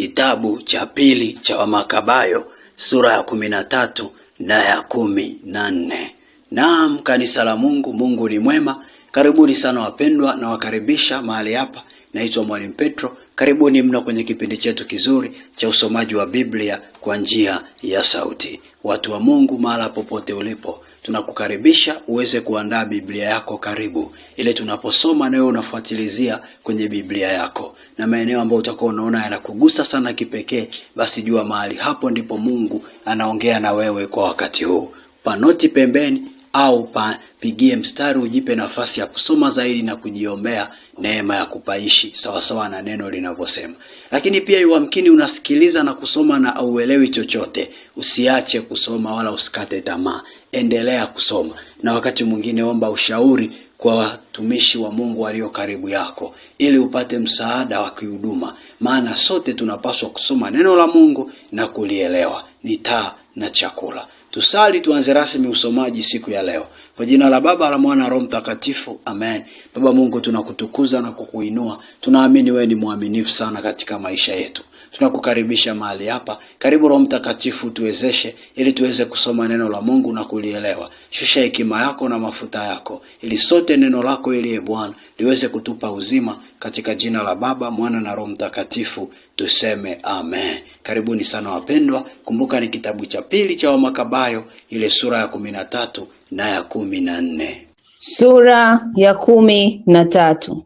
Kitabu cha pili cha Wamakabayo sura ya kumi na tatu na ya kumi na nne. Naam, kanisa la Mungu, Mungu ni mwema. Karibuni sana wapendwa, na wakaribisha mahali hapa. Naitwa Mwalimu Petro. Karibuni mno kwenye kipindi chetu kizuri cha usomaji wa Biblia kwa njia ya sauti. Watu wa Mungu, mahala popote ulipo Tunakukaribisha uweze kuandaa Biblia yako, karibu ile tunaposoma wewe unafuatilizia kwenye Biblia yako, na maeneo ambayo utakuwa unaona yanakugusa sana kipekee, basi jua mahali hapo ndipo Mungu anaongea na wewe kwa wakati huu. Panoti pembeni au papigie mstari, ujipe nafasi ya kusoma zaidi na kujiombea neema ya kupaishi sawasawa na neno linavyosema. Lakini pia iwamkini unasikiliza na kusoma na auelewi chochote, usiache kusoma wala usikate tamaa, endelea kusoma, na wakati mwingine omba ushauri kwa watumishi wa Mungu walio karibu yako ili upate msaada wa kihuduma, maana sote tunapaswa kusoma neno la Mungu na kulielewa, ni taa na chakula. Tusali tuanze rasmi usomaji siku ya leo. Kwa jina la Baba la Mwana Roho Mtakatifu, amen. Baba Mungu, tunakutukuza na kukuinua, tunaamini wewe ni mwaminifu sana katika maisha yetu. Tunakukaribisha mahali hapa. Karibu Roho Mtakatifu, tuwezeshe ili tuweze kusoma neno la Mungu na kulielewa. Shusha hekima yako na mafuta yako, ili sote neno lako ili Bwana liweze kutupa uzima, katika jina la Baba, Mwana na Roho Mtakatifu tuseme amen. Karibuni sana wapendwa. Kumbuka ni kitabu cha pili cha Wamakabayo, ile sura ya kumi na tatu na ya kumi na nne sura ya kumi na tatu.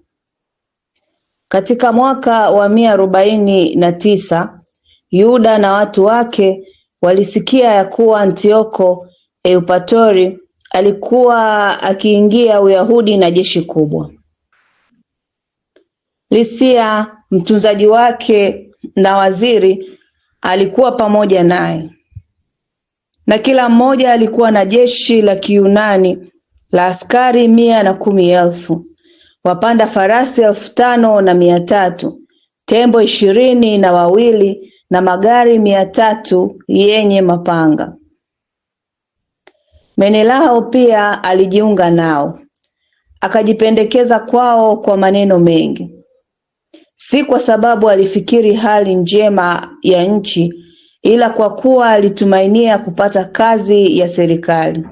Katika mwaka wa mia arobaini na tisa Yuda na watu wake walisikia ya kuwa Antioko Eupatori alikuwa akiingia Uyahudi na jeshi kubwa. Lisia mtunzaji wake na waziri alikuwa pamoja naye, na kila mmoja alikuwa na jeshi la Kiyunani la askari mia na kumi elfu wapanda farasi elfu tano na mia tatu tembo ishirini na wawili na magari mia tatu yenye mapanga. Menelao pia alijiunga nao akajipendekeza kwao kwa maneno mengi, si kwa sababu alifikiri hali njema ya nchi, ila kwa kuwa alitumainia kupata kazi ya serikali.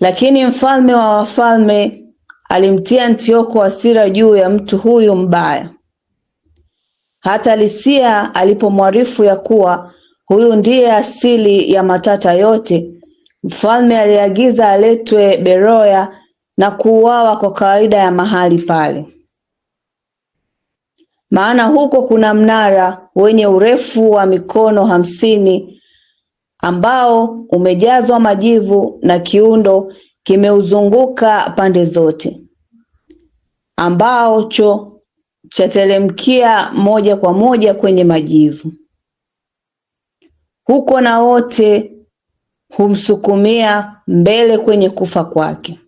Lakini mfalme wa wafalme alimtia Antioko hasira juu ya mtu huyu mbaya. Hata Lisia alipomwarifu ya kuwa huyu ndiye asili ya matata yote, mfalme aliagiza aletwe Beroya na kuuawa kwa kawaida ya mahali pale, maana huko kuna mnara wenye urefu wa mikono hamsini ambao umejazwa majivu na kiundo kimeuzunguka pande zote, ambacho chatelemkia moja kwa moja kwenye majivu. Huko na wote humsukumia mbele kwenye kufa kwake.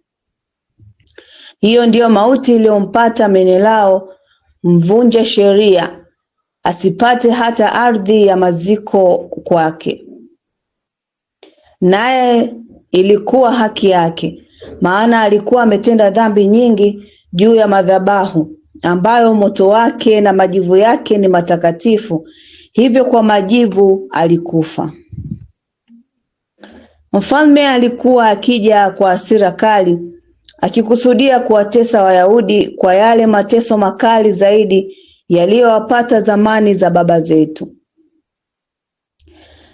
Hiyo ndiyo mauti iliyompata Menelao mvunja sheria, asipate hata ardhi ya maziko kwake naye ilikuwa haki yake, maana alikuwa ametenda dhambi nyingi juu ya madhabahu ambayo moto wake na majivu yake ni matakatifu, hivyo kwa majivu alikufa. Mfalme alikuwa akija kwa hasira kali, akikusudia kuwatesa Wayahudi kwa yale mateso makali zaidi yaliyowapata zamani za baba zetu.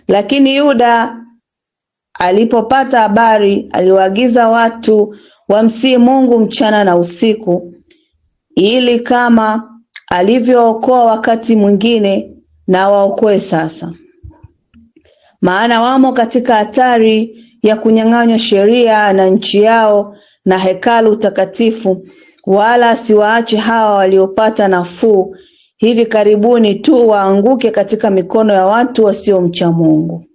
Lakini Yuda Alipopata habari, aliwaagiza watu wamsihi Mungu mchana na usiku, ili kama alivyookoa wakati mwingine na waokoe sasa, maana wamo katika hatari ya kunyang'anywa sheria na nchi yao na hekalu takatifu. Wala asiwaache hawa waliopata nafuu hivi karibuni tu waanguke katika mikono ya watu wasiomcha Mungu.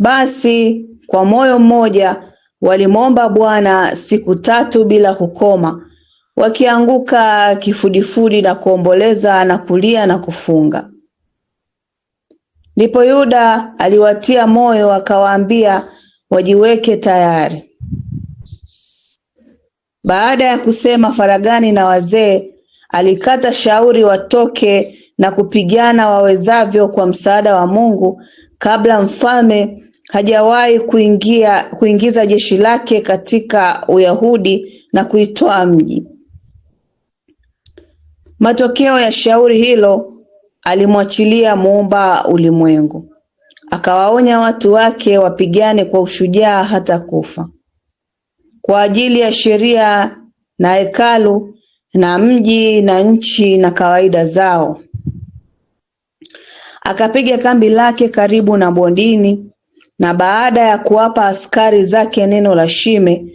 Basi kwa moyo mmoja walimwomba Bwana siku tatu bila kukoma, wakianguka kifudifudi na kuomboleza na kulia na kufunga. Ndipo Yuda aliwatia moyo, akawaambia wajiweke tayari. Baada ya kusema faragani na wazee, alikata shauri watoke na kupigana wawezavyo kwa msaada wa Mungu kabla mfalme hajawahi kuingia kuingiza jeshi lake katika Uyahudi na kuitoa mji. Matokeo ya shauri hilo, alimwachilia muumba ulimwengu, akawaonya watu wake wapigane kwa ushujaa hata kufa kwa ajili ya sheria na hekalu na mji na nchi na kawaida zao. Akapiga kambi lake karibu na bondini na baada ya kuwapa askari zake neno la shime,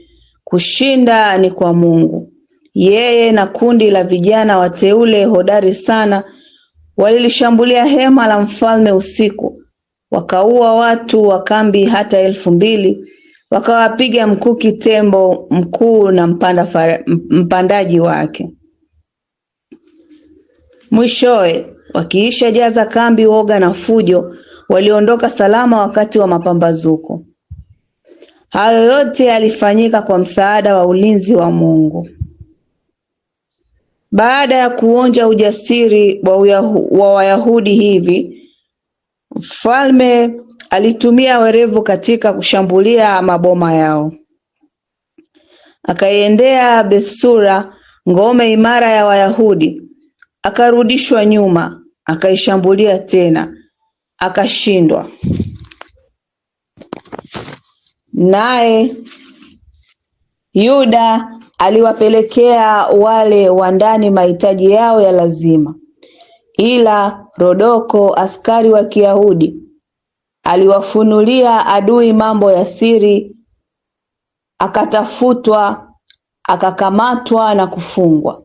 kushinda ni kwa Mungu. Yeye na kundi la vijana wateule hodari sana walilishambulia hema la mfalme usiku, wakaua watu wa kambi hata elfu mbili wakawapiga mkuki tembo mkuu na mpanda fare, mpandaji wake. Mwishowe wakiisha jaza kambi woga na fujo, waliondoka salama wakati wa mapambazuko. Hayo yote yalifanyika kwa msaada wa ulinzi wa Mungu. Baada ya kuonja ujasiri wa, uyahu, wa Wayahudi hivi, mfalme alitumia werevu katika kushambulia maboma yao. Akaiendea Bethsura, ngome imara ya Wayahudi, akarudishwa nyuma, akaishambulia tena akashindwa, naye Yuda aliwapelekea wale wa ndani mahitaji yao ya lazima, ila Rodoko askari wa Kiyahudi aliwafunulia adui mambo ya siri, akatafutwa, akakamatwa na kufungwa.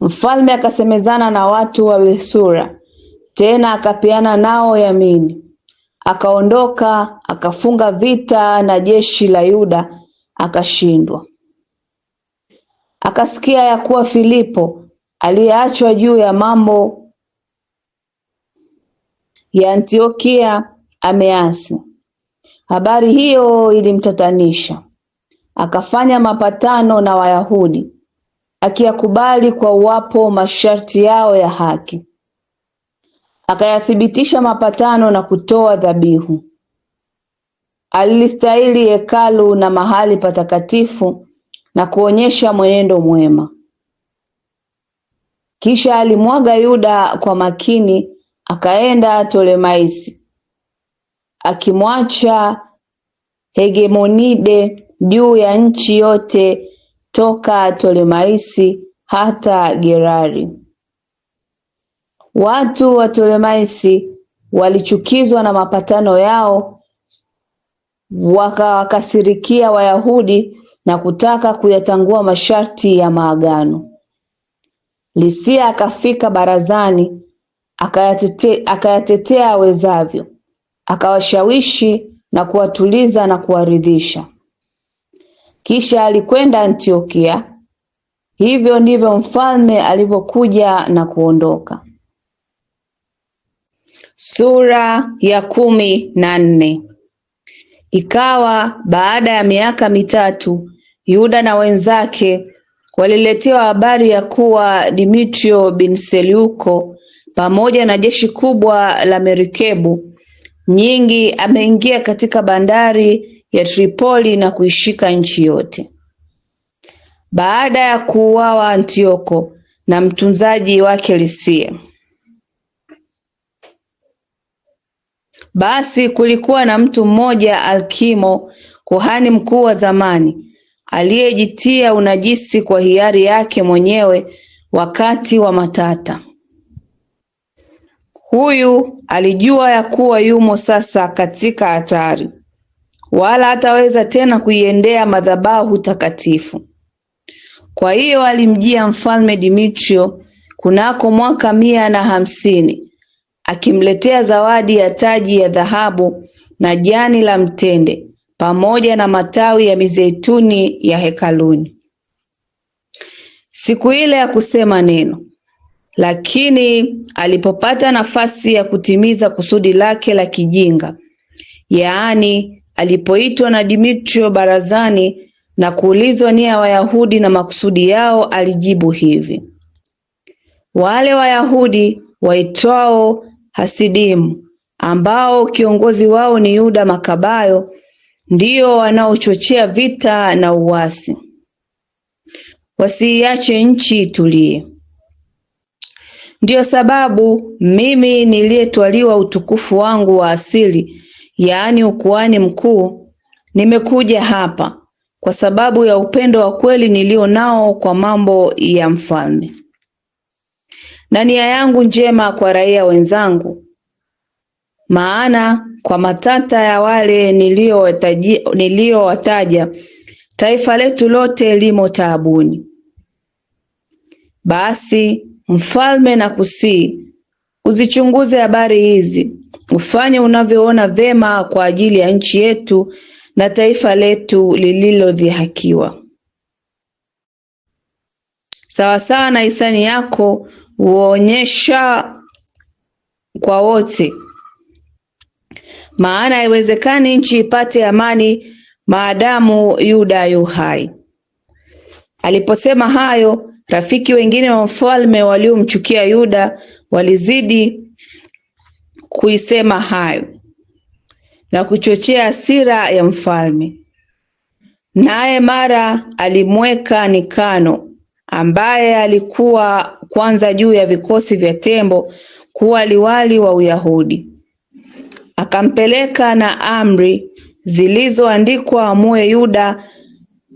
Mfalme akasemezana na watu wa Besura tena akapeana nao Yamini. Akaondoka akafunga vita na jeshi la Yuda akashindwa. Akasikia ya kuwa Filipo aliyeachwa juu ya mambo ya Antiokia ameasi. Habari hiyo ilimtatanisha, akafanya mapatano na Wayahudi akiyakubali kwa uwapo masharti yao ya haki akayathibitisha mapatano na kutoa dhabihu. Alilistahili hekalu na mahali patakatifu na kuonyesha mwenendo mwema. Kisha alimwaga Yuda kwa makini, akaenda tolemaisi akimwacha Hegemonide juu ya nchi yote toka tolemaisi hata Gerari. Watu wa Tolemaisi walichukizwa na mapatano yao wakawakasirikia Wayahudi na kutaka kuyatangua masharti ya maagano. Lisia akafika barazani akayatete, akayatetea awezavyo, akawashawishi na kuwatuliza na kuwaridhisha. Kisha alikwenda Antiokia. Hivyo ndivyo mfalme alivyokuja na kuondoka. Sura ya kumi na nne. Ikawa baada ya miaka mitatu Yuda na wenzake waliletewa habari ya kuwa Dimitrio bin Seleuko pamoja na jeshi kubwa la merikebu nyingi ameingia katika bandari ya Tripoli na kuishika nchi yote. Baada ya kuuawa Antioko na mtunzaji wake Lisia Basi kulikuwa na mtu mmoja Alkimo, kuhani mkuu wa zamani, aliyejitia unajisi kwa hiari yake mwenyewe wakati wa matata. Huyu alijua ya kuwa yumo sasa katika hatari, wala hataweza tena kuiendea madhabahu takatifu. Kwa hiyo alimjia mfalme Dimitrio kunako mwaka mia na hamsini akimletea zawadi ya taji ya dhahabu na jani la mtende pamoja na matawi ya mizeituni ya hekaluni. Siku ile ya kusema neno, lakini alipopata nafasi ya kutimiza kusudi lake la kijinga, yaani alipoitwa na Dimitrio barazani na kuulizwa nia ya Wayahudi na makusudi yao, alijibu hivi: wale Wayahudi waitwao hasidimu ambao kiongozi wao ni Yuda Makabayo ndio wanaochochea vita na uasi. Wasiiache nchi itulie. Ndiyo sababu mimi niliyetwaliwa utukufu wangu wa asili, yaani ukuani mkuu, nimekuja hapa kwa sababu ya upendo wa kweli nilio nao kwa mambo ya mfalme na nia yangu njema kwa raia wenzangu, maana kwa matata ya wale niliyowataja taifa letu lote limo taabuni. Basi mfalme, na kusii uzichunguze habari hizi, ufanye unavyoona vema kwa ajili ya nchi yetu na taifa letu lililodhihakiwa, sawasawa na hisani yako huonyesha kwa wote, maana haiwezekani nchi ipate amani maadamu Yuda yu hai. Aliposema hayo, rafiki wengine wa mfalme waliomchukia Yuda walizidi kuisema hayo na kuchochea hasira ya mfalme, naye mara alimweka Nikano ambaye alikuwa kwanza juu ya vikosi vya tembo kuwa liwali wa Uyahudi. Akampeleka na amri zilizoandikwa amue Yuda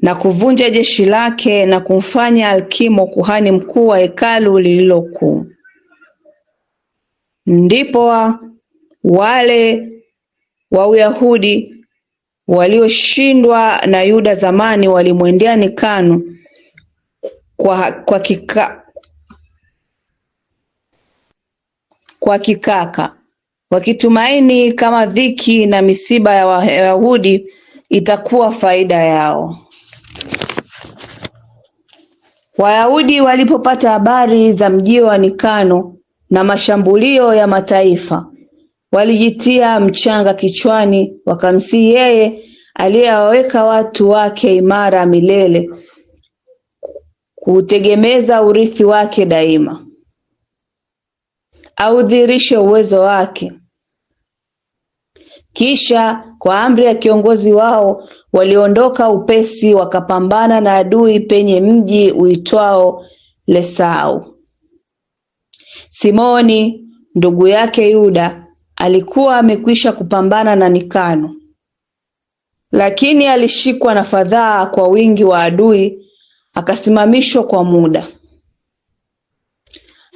na kuvunja jeshi lake na kumfanya Alkimo kuhani mkuu wa hekalu lililokuu Ndipo wale wa Uyahudi walioshindwa na Yuda zamani walimwendea Nikanu kwa kikaka, wakitumaini kama dhiki na misiba ya Wayahudi itakuwa faida yao. Wayahudi walipopata habari za mjio wa Nikano na mashambulio ya mataifa, walijitia mchanga kichwani, wakamsihi yeye aliyewaweka watu wake imara milele kuutegemeza urithi wake daima audhirishe uwezo wake kisha kwa amri ya kiongozi wao waliondoka upesi wakapambana na adui penye mji uitwao Lesau. Simoni ndugu yake Yuda alikuwa amekwisha kupambana na Nikano, lakini alishikwa na fadhaa kwa wingi wa adui akasimamishwa kwa muda.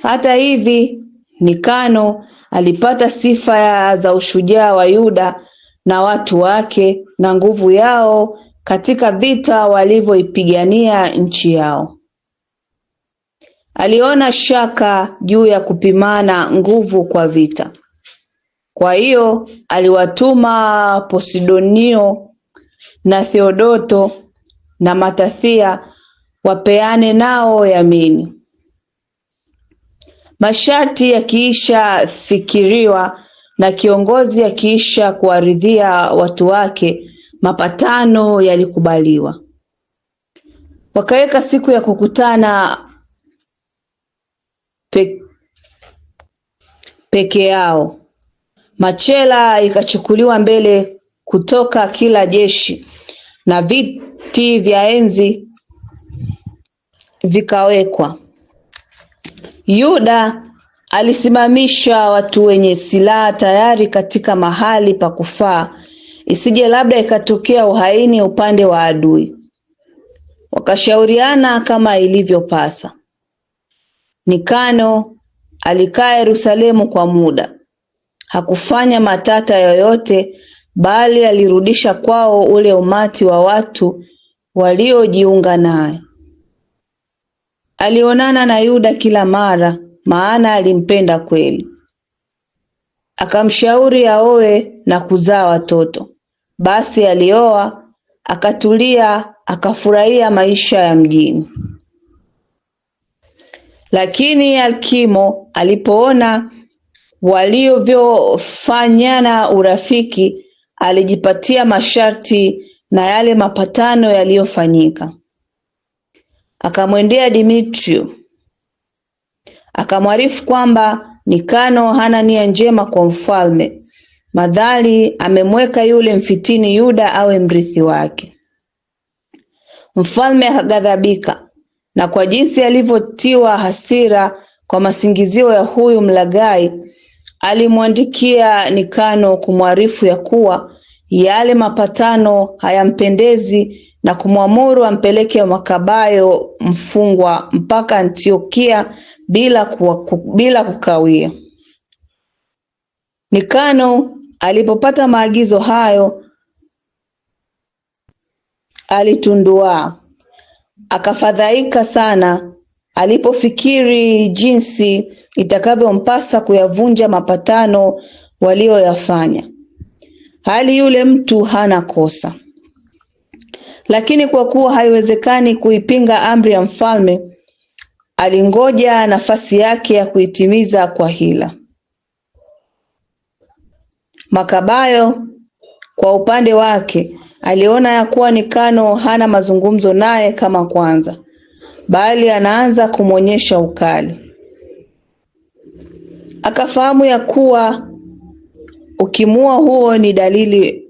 Hata hivi, Nikano alipata sifa za ushujaa wa Yuda na watu wake na nguvu yao katika vita walivyoipigania nchi yao. Aliona shaka juu ya kupimana nguvu kwa vita. Kwa hiyo aliwatuma Posidonio na Theodoto na Matathia wapeane nao yamini. Masharti yakiisha fikiriwa na kiongozi akiisha kuwaridhia watu wake, mapatano yalikubaliwa. Wakaweka siku ya kukutana pe, peke yao. Machela ikachukuliwa mbele kutoka kila jeshi na viti vya enzi vikawekwa. Yuda alisimamisha watu wenye silaha tayari katika mahali pa kufaa, isije labda ikatokea uhaini upande wa adui. Wakashauriana kama ilivyopasa. Nikano alikaa Yerusalemu kwa muda, hakufanya matata yoyote, bali alirudisha kwao ule umati wa watu waliojiunga naye. Alionana na Yuda kila mara maana alimpenda kweli. Akamshauri aoe na kuzaa watoto. Basi alioa, akatulia, akafurahia maisha ya mjini. Lakini Alkimo alipoona walivyofanyana urafiki, alijipatia masharti na yale mapatano yaliyofanyika akamwendea Dimitrio akamwarifu kwamba Nikano hana nia njema kwa mfalme, madhali amemweka yule mfitini Yuda awe mrithi wake. Mfalme akaghadhabika, na kwa jinsi alivyotiwa hasira kwa masingizio ya huyu mlagai alimwandikia Nikano kumwarifu ya kuwa yale mapatano hayampendezi na kumwamuru ampeleke Makabayo mfungwa mpaka Antiokia bila kukawia. Nikano alipopata maagizo hayo alitunduaa, akafadhaika sana alipofikiri jinsi itakavyompasa kuyavunja mapatano waliyoyafanya, hali yule mtu hana kosa. Lakini kwa kuwa haiwezekani kuipinga amri ya mfalme, alingoja nafasi yake ya kuitimiza kwa hila. Makabayo kwa upande wake aliona ya kuwa Nikano hana mazungumzo naye kama kwanza, bali anaanza kumwonyesha ukali. Akafahamu ya kuwa ukimua huo ni dalili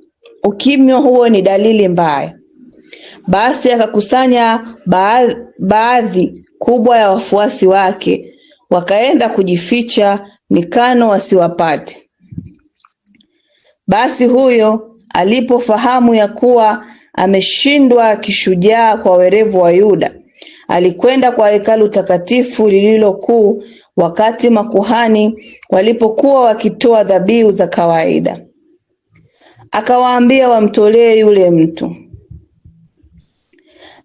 ukimya huo ni dalili mbaya. Basi akakusanya baadhi kubwa ya wafuasi wake wakaenda kujificha Nikano wasiwapate. Basi huyo alipofahamu ya kuwa ameshindwa kishujaa kwa werevu wa Yuda, alikwenda kwa hekalu takatifu lililo kuu wakati makuhani walipokuwa wakitoa dhabihu za kawaida, akawaambia wamtolee yule mtu.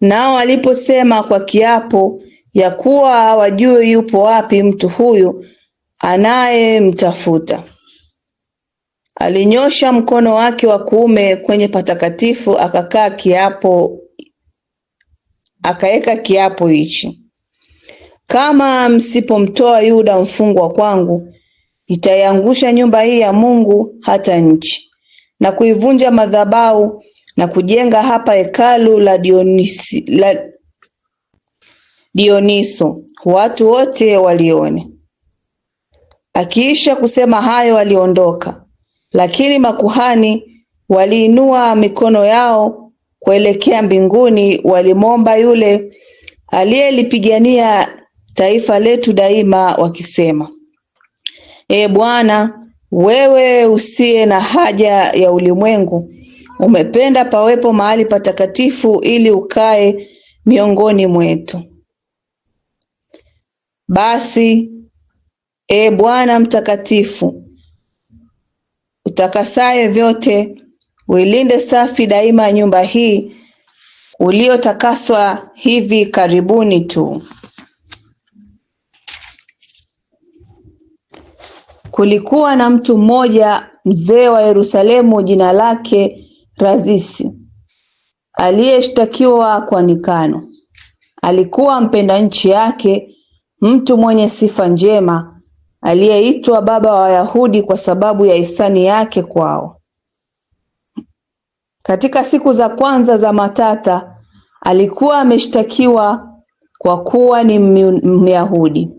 Nao aliposema kwa kiapo ya kuwa hawajui yupo wapi mtu huyu anayemtafuta, alinyosha mkono wake wa kuume kwenye patakatifu, akakaa kiapo, akaweka kiapo hichi: kama msipomtoa Yuda mfungwa kwangu, nitaiangusha nyumba hii ya Mungu hata nchi, na kuivunja madhabahu na kujenga hapa hekalu la Dionisi, la Dioniso watu wote walione. Akiisha kusema hayo aliondoka, lakini makuhani waliinua mikono yao kuelekea mbinguni, walimwomba yule aliyelipigania taifa letu daima, wakisema: e Bwana, wewe usiye na haja ya ulimwengu umependa pawepo mahali patakatifu ili ukae miongoni mwetu. Basi e Bwana mtakatifu utakasaye vyote, uilinde safi daima nyumba hii uliotakaswa hivi karibuni tu. Kulikuwa na mtu mmoja mzee wa Yerusalemu, jina lake Razisi aliyeshtakiwa kwa nikano alikuwa mpenda nchi yake mtu mwenye sifa njema aliyeitwa baba wa Wayahudi kwa sababu ya hisani yake kwao. Katika siku za kwanza za matata alikuwa ameshtakiwa kwa kuwa ni Myahudi,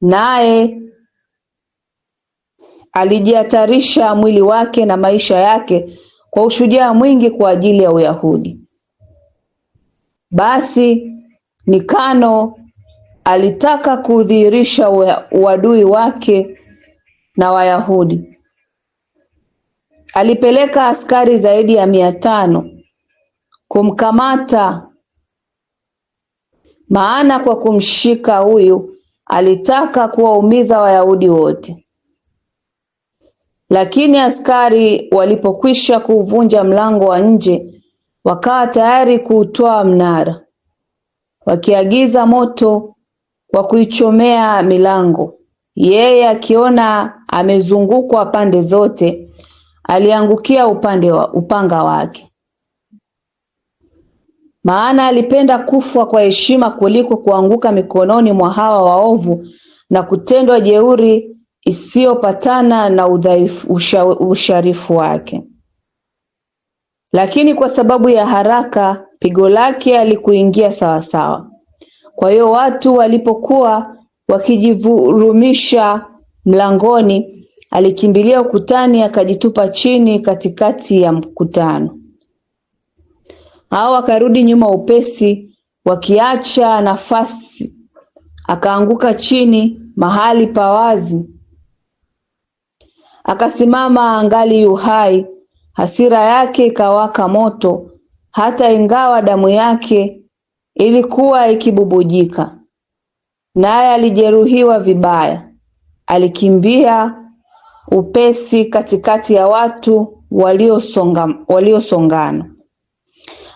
naye alijihatarisha mwili wake na maisha yake kwa ushujaa mwingi kwa ajili ya Uyahudi. Basi Nikano alitaka kudhihirisha uadui wake na Wayahudi. Alipeleka askari zaidi ya mia tano kumkamata, maana kwa kumshika huyu alitaka kuwaumiza Wayahudi wote. Lakini askari walipokwisha kuuvunja mlango wa nje wakawa tayari kuutoa mnara, wakiagiza moto wa kuichomea milango. Yeye akiona amezungukwa pande zote, aliangukia upande wa upanga wake, maana alipenda kufwa kwa heshima kuliko kuanguka mikononi mwa hawa waovu na kutendwa jeuri isiyopatana na usharifu wake lakini kwa sababu ya haraka pigo lake alikuingia sawasawa kwa hiyo watu walipokuwa wakijivurumisha mlangoni alikimbilia ukutani akajitupa chini katikati ya mkutano hao akarudi nyuma upesi wakiacha nafasi akaanguka chini mahali pa wazi Akasimama angali yu hai, hasira yake ikawaka moto hata ingawa damu yake ilikuwa ikibubujika, naye alijeruhiwa vibaya. Alikimbia upesi katikati ya watu waliosonga, waliosongana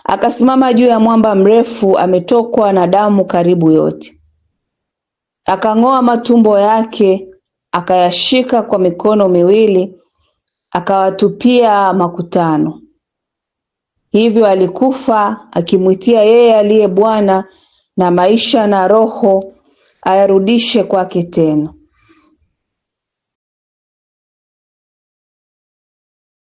akasimama juu ya mwamba mrefu, ametokwa na damu karibu yote. Akang'oa matumbo yake akayashika kwa mikono miwili akawatupia makutano hivyo alikufa akimwitia yeye aliye Bwana na maisha na roho ayarudishe kwake tena